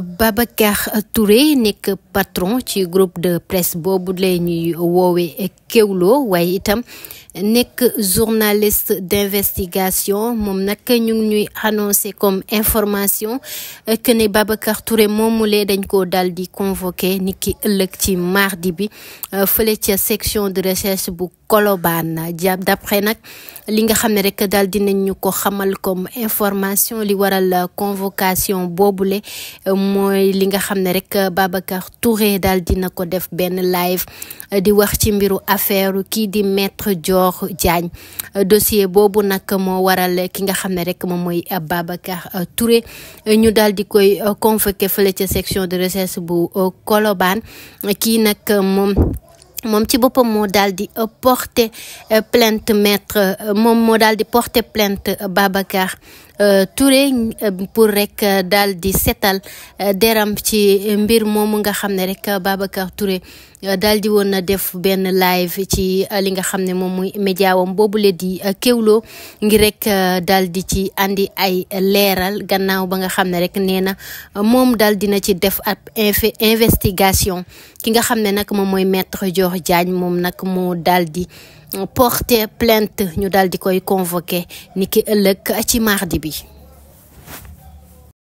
Babacar Touré nek patron ci groupe de presse bobu lay ñuy et Kewlo way itam nek journaliste d'investigation mom nak ñu ñuy annoncé comme information que ne Babacar Touré momulé dañ ko daal di convoqué niki ëlëk ci mardi bi feulé ci section de recherche bu koloban Diab d'après nak li nga xamné rek daal dinañ ko xamal comme information li waral convocation bobule. moy li nga xamné rek Babacar Touré daal dina ko def ben live di wax ci mbiru affaire kii di maître Dior Diagne dossier bobu nak mo waral ki nga xamné rek mom moy Babacar Touré ñu daal di koy convoqué fële ci section de recherche bu koloban ki nak mom mon petit beau moo daal di euh, porter euh, plainte maître euh, mon modal de di porter plainte Babacar Touré pour rek dal di seetal deram ci mbir mom nga xam rek Babacar Touré D'Aldi di a def ben live ci euh, li nga xam mom média wam di euh, rek euh, ci andi ay Leral, gannaaw ba nga rek def investigation ki nga nak mom maître porter plainte ñu koy convoqué Niki ëlëk mardi